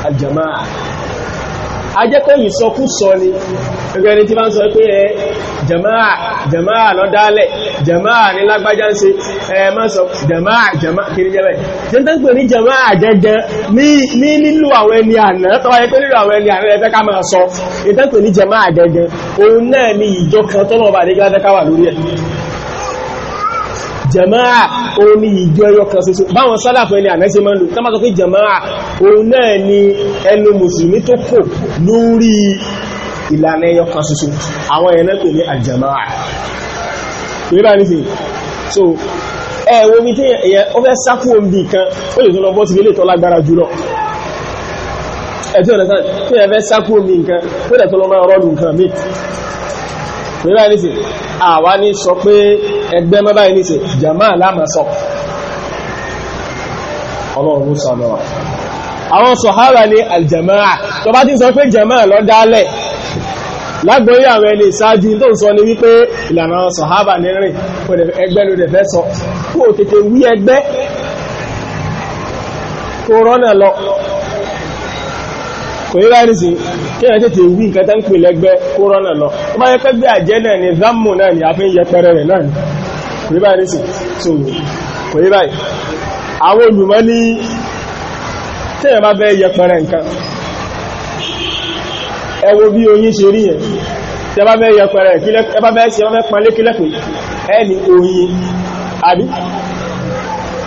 al jamaa ajẹ́pẹ́ ìsọkúsọ ni ẹgbẹ́ ni tí bá ń sọ pé ẹ jama'a jama'a lọ dálẹ̀ jama'a ní lágbájá ń ṣe ẹ má sọ jama'a jama'a kiri jẹ́ bẹ́ẹ̀ tí ń tẹ́ pé ní jama'a jẹ́jẹ́ ní nílò àwọn ẹni àná tó wáyé pé nílò àwọn ẹni àná ẹfẹ́ ká máa sọ ìtẹ́pẹ́ ní jama'a jẹ́jẹ́ òun náà ni jama'a o ní ìjọ ẹyọ kan ṣoṣo báwọn sálàfù ẹni ànẹ́sí máa ń lò tánbà sọ pé jama'a o náà ni ẹnu mùsùlùmí tó kò lórí ìlànà ẹyọ kan ṣoṣo àwọn ẹ̀yẹn náà pè ní àjama'a ìrírà nísìn so ẹ̀wọ̀n mi tí ẹ̀yẹ ó fẹ́ sákú omi kan ó lè tó lọ bọ́ sí ilé ìtọ́lágbára jùlọ ẹ̀tí ọ̀nà sáà tí ẹ̀fẹ́ sákú omi nǹkan tó lẹ̀ tó lọ máa rọ́lù nǹkan mi ìrírà nísìn àwa ní sọ pé ẹgbẹ́ mẹ́bá yìí nìsẹ̀ jama láàmà sọ ọlọ́run sọ náà àwọn sọ̀hára ní aljamaa tó bá ti sọ pé jama lọ dálẹ̀ lágbóyé àwọn ẹni ìsáájú tó sọ ní wípé ìlànà àwọn sọ̀hábà ní rìn ẹgbẹ́ ló dẹ̀ fẹ́ sọ kú ò tètè wí ẹgbẹ́ kó rọ́nà lọ kò yíra ẹni kí ẹ tètè wí nǹkan tó ń pè lẹ́gbẹ́ kó rọ́nà lọ ó máa yẹ pé gbé àjẹ́ náà ni zamu náà ni àfihàn yẹpẹrẹ rẹ̀ náà ni kò yí báyìí sí so kò yí báyìí àwọn olùmọ̀ ní tẹ́yẹ̀ bá bẹ́ yẹpẹrẹ nǹkan ẹ wo bí oyin ṣe rí yẹn tẹ́ bá bẹ́ yẹpẹrẹ ẹ bá bẹ́ ṣe bá bẹ́ panlé kílẹ̀kùn ẹ ní oyin àbí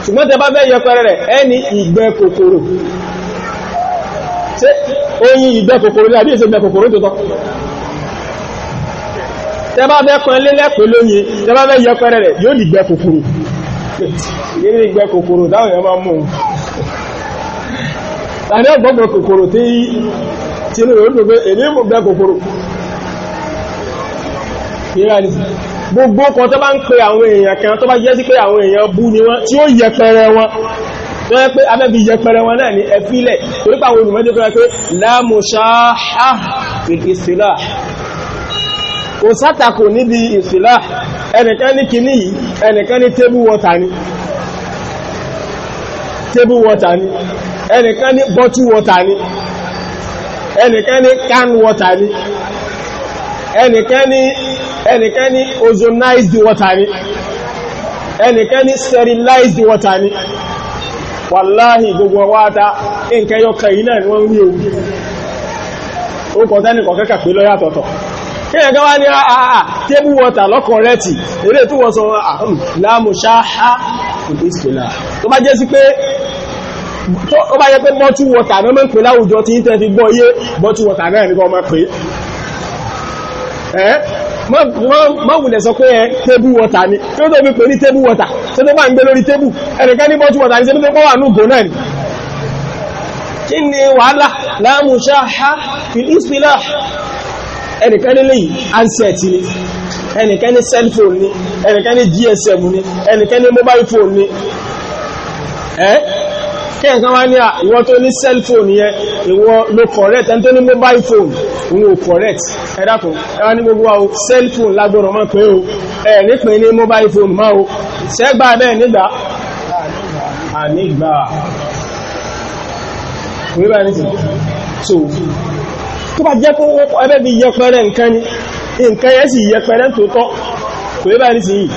ṣùgbọ́n tẹ́ bá bẹ́ yẹpẹrẹ rẹ̀ ẹ ní ìgbẹ́ kòkòrò oyin ìgbẹ́ kòkòrò ní àbí ìṣẹ́gbẹ́ kòkòrò tó tọ́ tẹbá fẹ́ kan lélẹ̀ pé lóyin tẹbá fẹ́ yẹ pẹ́rẹ rẹ̀ yóò dìgbẹ́ kòkòrò yóò dìgbẹ́ kòkòrò táwọn èèyàn máa mú un tàbí ọgbọ́gbọ́ kòkòrò tí tinú rẹ̀ olùgbé èdè mú gbẹ́ kòkòrò gbogbo kan tó bá ń pe àwọn èèyàn kan tó bá jẹ́ sí pé àwọn èèyàn bú ni wọ́n tí ó yẹ pẹ́rẹ wọn wọ́n pé abẹ́bí yẹpẹrẹ wọn náà ní ẹfílẹ̀ torípa àwọn olùmọ́jẹ́ pẹ́rẹ pé lámùsáà ìsìlá kò sátàkò níbi ìsìlá ẹnìkan ní kìíní yìí ẹnìkan ní table water ni table water ni ẹnìkan ní bottle water ni ẹnìkan ní can water ni ẹnìkan ní ẹnìkan ní ozonized water ni ẹnìkan ní sterilized water ni wàláhì gbogbo wáta nǹkan yọkà yìí náà ni wọ́n ń rí òun ó kọ̀ tẹ́nì kọ̀ kẹ́kà pé lọ́yà tọ̀tọ̀ kí ẹ̀gá wá ní àà tébù wọ́ta lọ́kọ̀ rẹ̀ tì eré tó wọ́n sọ ah, hmm, láàmùsáhá ìdíṣẹ́lá tó bá jẹ́ sí pé ó bá yẹ pé má wùlẹ̀ sọ pé ẹ table water ni tí ó tó mi pè ní table water tí ó tó bá ń gbé lórí table ẹnìkan ní bottle water ní sí tó wà nùgò náà ni kí ni wàhálà láàmùsá ha fi ìsìlá ẹnìkan ní lèyìn ansẹ̀tì ni ẹnìkan ní cellphone ni ẹnìkan ní gsm ni ẹnìkan ní mobile phone ni ẹ́ kí ẹ̀kan wá ní àwọn tó ní cellphone yẹn ìwọ ló correct ẹni tó ní mobile phone òun ò correct ẹ dákun ẹ wá ní gbogbo wa o cell phone lágbọ́dọ̀ máa pè é o ẹ nípìn ní mobile phone máa o ṣẹ́gbà bẹ́ẹ̀ nígbà ànígbà wíwá ní ti so tó bá jẹ́ pé ẹbẹ́ bí yẹpẹrẹ nǹkan ni nǹkan yẹn sì yẹpẹrẹ tó tọ́ kò yíbá ní sí yìí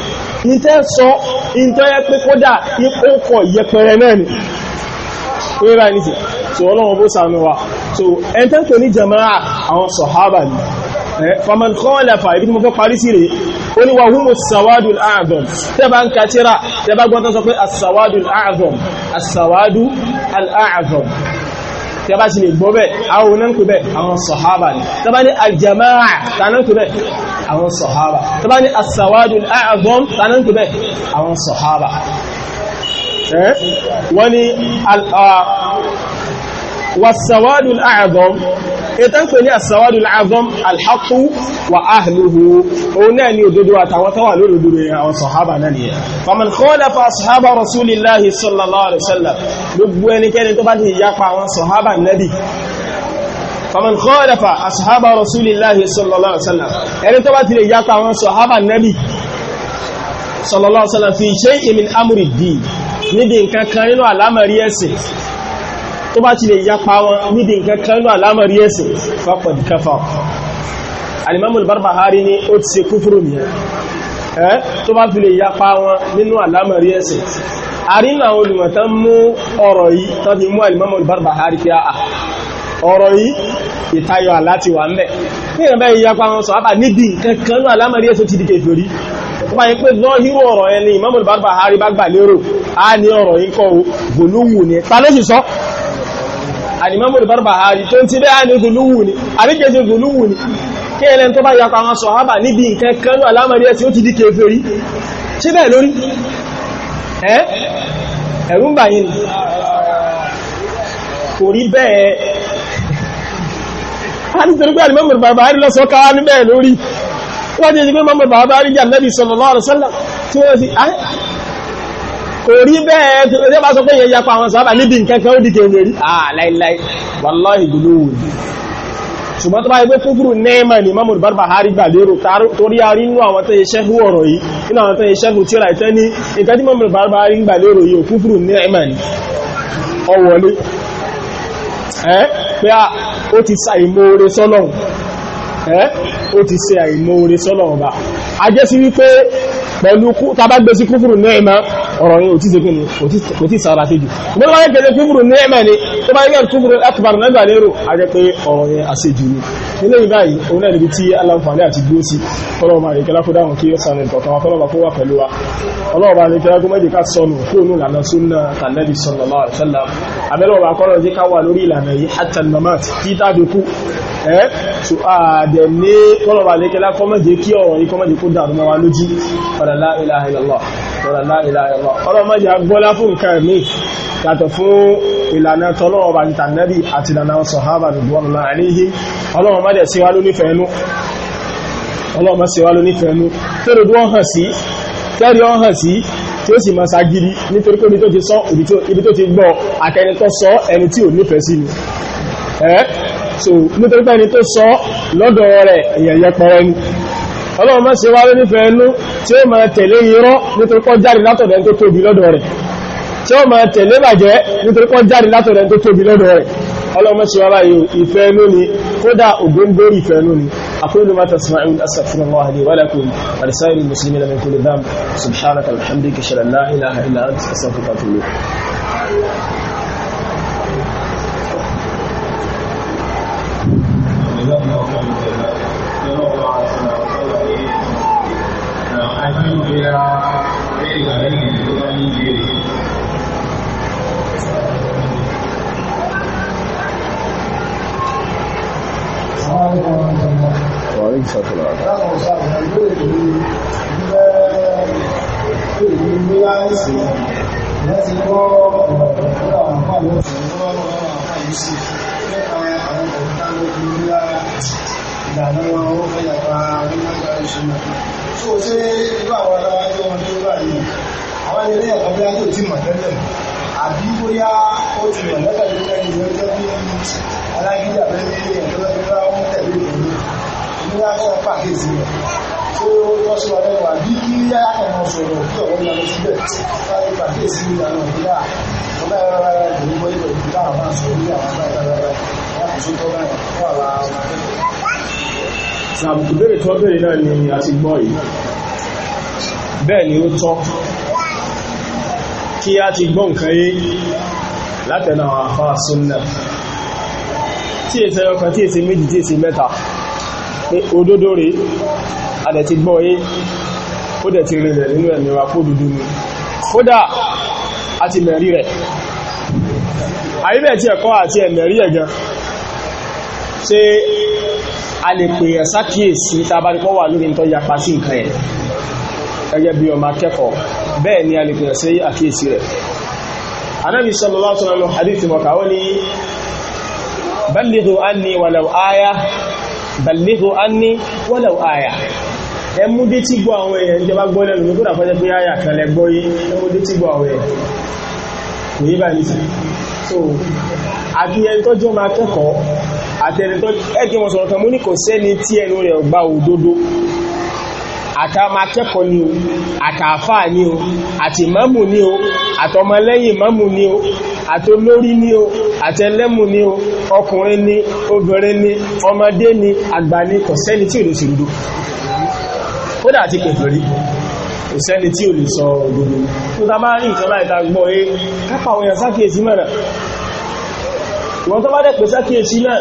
ní tẹ́ sọ ní tẹ́ yẹ pé kódà ó kọ̀ yẹpẹrẹ náà ni kò yíbá ní sí yìí so ọlọ́wọ́n bó sànú wa so ẹn tẹ́ pè ní jama'a àwọn sọ̀hábà ni faman khalafa ibi tí mo fẹ́ parí sí rẹ̀ ó ní wa humu sawadul a'zam tẹ́ bá ń ka tíra tẹ́ bá gbọ́ntọ́ sọ pé asawadul a'zam asawadu al'a'zam tẹ́ bá sì lè gbọ́ bẹ́ àwọn onan kú bẹ́ àwọn sọ̀hábà ni tẹ́ والسواد الأعظم ìtànkù ní àsàwádù láàzọ́m alhaku wa ahìlúhu òun náà ni òdodo àtàwọn tánwà lórí òdodo àwọn sọ̀hábà náà nìyà faman khalafa sọ̀hábà rasulillahi sallallahu alaihi wasallam gbogbo ẹnikẹ́ni tó bá ti yapa àwọn sọ̀hábà nabi faman khalafa asahaba rasulillahi sallallahu alaihi wasallam ẹni tó bá ti lè yapa àwọn sọ̀hábà nabi sallallahu alaihi wasallam fi shay'in min amri din tó bá ti lè yapa wọn níbi nǹkan kanú alámàrí ẹ̀sìn faqad kafar alimamul barbahari ni ó ti ṣe kúfúrú nìyẹn ẹ́ tó bá fi lè yapa wọn nínú alámàrí ẹ̀sìn àrínà olùmọ̀tán mú ọ̀rọ̀ yìí tó ti mú alimamul barbahari kí a ọ̀rọ̀ yìí ìtayọ àláti wà ń bẹ̀. ní ìrìnbẹ̀ ìyapa wọn sọ àbà níbi nǹkan kan pé lọ hírò ọ̀rọ̀ ẹni Imamul Barbahari bá gbà lérò a ní ọ̀rọ̀ yìí kọ́ gbòlúwù ni ta ló sì sọ alimamul barbahari tó ti bẹ́ẹ̀ ní gùlúwù ni àríkèsí gùlúwù ni kí ẹlẹ́ tó bá yapa àwọn sọ̀hábà níbi nǹkan kanú alámàrí ẹ̀sìn ó ti di kèfèrí ṣí bẹ́ẹ̀ lórí ẹ́ ẹ̀rú ń bà yìí ni kò rí bẹ́ẹ̀ a ní torí pé alimamul barbahari lọ sọ káwá ní bẹ́ẹ̀ lórí wọ́n ti kò rí bẹ́ẹ̀ tí ó bá sọ pé yẹn yapa àwọn sábà níbi nkankan ó di kèrè rí àláìláì ah, wàláhì gbùlúwù ṣùgbọ́n tó bá yẹ pé kúkúrù nẹ́ẹ̀mà ní Imamul Barbahari gbà lérò torí a rí inú àwọn tó iṣẹ́ hú ọ̀rọ̀ yìí inú àwọn tó iṣẹ́ hú tíra ìtẹ́ ní nǹkan tí Imamul Barbahari gbà lérò yìí kúkúrù nẹ́ẹ̀mà ní ọwọ́lé ẹ́ pé a ó ti sa ìmoore sọ́lọ́hun ẹ́ ó ti sa ìmoore sọ́lọ́hun bá a jẹ́ sí wípé pẹ̀lú tàbá gbé sí kúfùrù nẹ́ẹ̀mà ọ̀rọ̀ yìí òtí sẹ́kùn ní òtí sára sí jù mọ́ wáyé gẹ̀ẹ́ kúfùrù nẹ́ẹ̀mà ni tó bá yẹ́ kúfùrù akbar nígbà lérò ajẹ́ pé ọ̀rọ̀ yẹn àṣẹ jù ní ilé ìbáyìí òun ẹ̀rí tí aláǹfààní àti dúró sí ọlọ́ọ̀bà ní kẹlá kó dáhùn kí ó sànù ìkọ̀kan ọlọ́ọ̀bà kó wà pẹ̀lú wa ọlọ́ọ̀bà ní kẹlá kó mẹ́jì ká sọnù fóònù lànà súnà tànẹ́bì sallallahu alaihi wasallam àmẹ́lọ́ọ̀bà kọ́lọ̀ jẹ́ ká wà lórí ìlànà yìí tí tábí kú ẹ́ so sọ̀rọ̀ la ilaha illallah sọ̀rọ̀ la ilaha illallah ọlọ́mọdé mi yàtọ̀ fún ìlànà tọ́lọ́wọ́ bá ti tànẹ́bì àti ìlànà sọ̀hábà nìbọn láàrín ọlọ́mọdé síwá ló nífẹ̀ẹ́nu ọlọ́mọ síwá ló nífẹ̀ẹ́nu tẹ́rù dúwọ́n hàn sí tẹ́rì ọ́n hàn sí tí ó sì máa ságírí nítorí pé ibi tó ti sọ ibi tó ti gbọ́ àtẹni tó sọ ẹni tí ò nífẹ̀ẹ́ sí ni ẹ́ so nítorí pé ẹni tó sọ lọ́dọ̀ rẹ̀ èèyàn yẹpẹrẹ ni ọlọ́run máa ṣe wá ló nífẹ̀ẹ́ ẹnu tí ó máa tẹ̀lé irọ́ nítorí pọ́ jáde látọ̀dẹ̀ tó tóbi lọ́dọ̀ rẹ̀ tí ó máa tẹ̀lé bàjẹ́ nítorí pọ́ jáde látọ̀dẹ̀ tó tóbi lọ́dọ̀ rẹ̀ ọlọ́run máa ṣe wá báyìí ìfẹ́ ẹnu ni kódà ògbóngbó ìfẹ́ ẹnu ni أقول ما تسمعون أستغفر الله لي ولكم ولسائر
عليكم السلام
ìlànà owó ó ti mọ̀ lọ́tọ̀ nípa ìwé bí alágídà bẹ́ẹ̀ ní ẹ̀kọ́ ní sàbùkù bèrè tó bèrè náà ni a ti gbọ́ yìí bẹ́ẹ̀ ni ó tọ́ kí a ti gbọ́ nǹkan yé látẹ̀nà àwọn àfáà súnnà tí èsẹ̀ ọkàn tí èsẹ̀ méjì tí èsẹ̀ mẹ́ta pé òdodo rẹ̀ adẹ̀ ti gbọ́ yé ó dẹ̀ ti rìnrìn nínú ẹ̀mí wa kó dúdú ni kódà a ti mẹ̀rí rẹ̀ àyíbẹ̀ tí ẹ̀kọ́ àti ẹ̀mẹ̀rí ẹ̀gan ṣe a lè pè ẹ̀ sákìyèsí tàbáríkọ́ wà lórí tó yapa sí nǹkan ẹ̀ gẹ́gẹ́ bí ọmọ akẹ́kọ̀ọ́ a lè pè ẹ̀ sí àkíyèsí rẹ̀ anábi sallallahu alaihi wa sallam hadith mọ̀kà ó ní ballighu anni walau ballighu anni walau aya ẹmúdé tí gbọ́ àwọn èèyàn jẹba gbọ́ lẹ́nu ní kódà fọ́jẹ́ pé àyà kan lẹ gbọ́ yìí ẹmúdé tí gbọ́ àwọn èèyàn kò yí báyìí sí so àti ẹni tó jọ máa kẹ́kọ̀ọ́ àti ẹni tó ẹgbẹ́ wọn sọ̀rọ̀ kan mú ní kò sẹ́ni tí ẹnu rẹ̀ gba òdodo àtàmà akẹ́kọ̀ọ́ ni o àtàfà ni o àti ìmáàmù ni o àtọmọlẹ́yìn ìmáàmù ni o àtolórí ni o àtẹlẹ́mù ni o ọkùnrin ni obìnrin ni ọmọdé ni àgbà ni kò sẹ́ni tí ò lè ṣòdodo kódà àti kèfèrí kò sẹ́ni tí ò lè sọ òdodo tó ta bá rí nǹkan láì ta gbọ́ ẹ eh, kápá àwọn èèyàn sákèésí mẹ́rẹ̀ wọ́n tó bá dẹ̀ pè sákèésí náà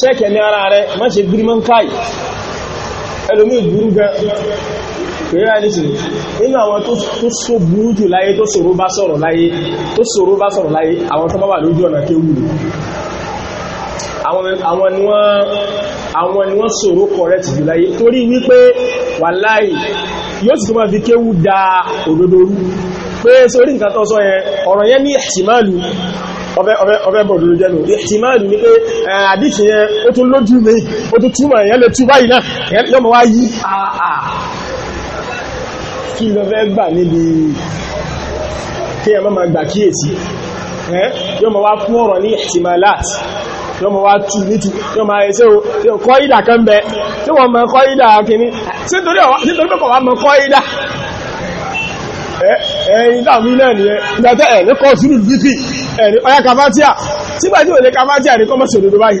ṣẹ́kẹ̀ ní ara rẹ̀ má ṣe gírímọ́ káì ẹlòmí ìgbúrú gan pẹ̀lú àìlísìn nínú àwọn tó só burú jù láyé tó ṣòro bá sọ̀rọ̀ láyé tó ṣòro bá sọ̀rọ̀ láyé àwọn tó bá wà lójú ọ̀nà kéwù àwọn ni wọ́n ṣòro correct jù láyé torí wípé wàláhì yóò sì tó máa fi kéwù da òdodo rú pé sórí nǹkan tó sọ yẹn ọ̀rọ̀ yẹn ní ìhìmáàlù ọ̀fẹ́ bọ̀dùrù jẹ́nu ìhìmáàlù ní pé àdíkì yẹn ó tún lójú mi ó tún túmọ̀ èyàn lè tú báyìí náà yọ́mọ̀ wá yí àà kí lọ fẹ́ gbà níbi kí ẹ máa gbà kíyèsí yóò máa wá fún ọ̀rọ̀ ní ihtimalat yóò máa wá tù ní tù yóò máa ẹsẹ́ o yóò kọ́ ìdà kan bẹ tí wọ́n máa kọ́ ìdà kìíní sí nítorí pẹ́kọ̀ wá máa kọ́ ìdà ẹ̀yìn dàmí náà nìyẹn ìgbàtẹ́ ẹ̀ ní kọ́ sùúrù bíkì ẹ̀rí ọya kàfátíà sígbàtí ò lè kàfátíà ní kọ́mọ̀sì òdòdó báyìí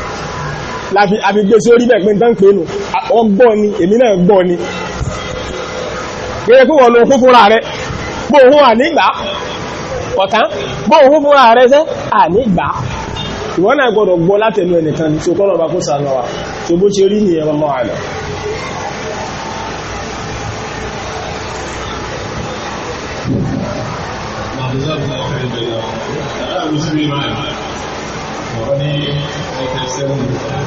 láfi àfigbé sí orí bẹ̀pẹ̀ tán pé nù ọgbọ́ ni èmi náà gbọ́ ni gẹ́gẹ́ kí wọ́n lọ fún fúnra rẹ̀ bó ohun ànígbà ọ̀tán bó ohun fúnra rẹ̀ sẹ́ ànígbà ìwọ́n náà gbọ́dọ̀ gbọ́ látẹnu ẹnìkan ní tí ó kọ́lọ̀ bá kó sànà wa tí ó bó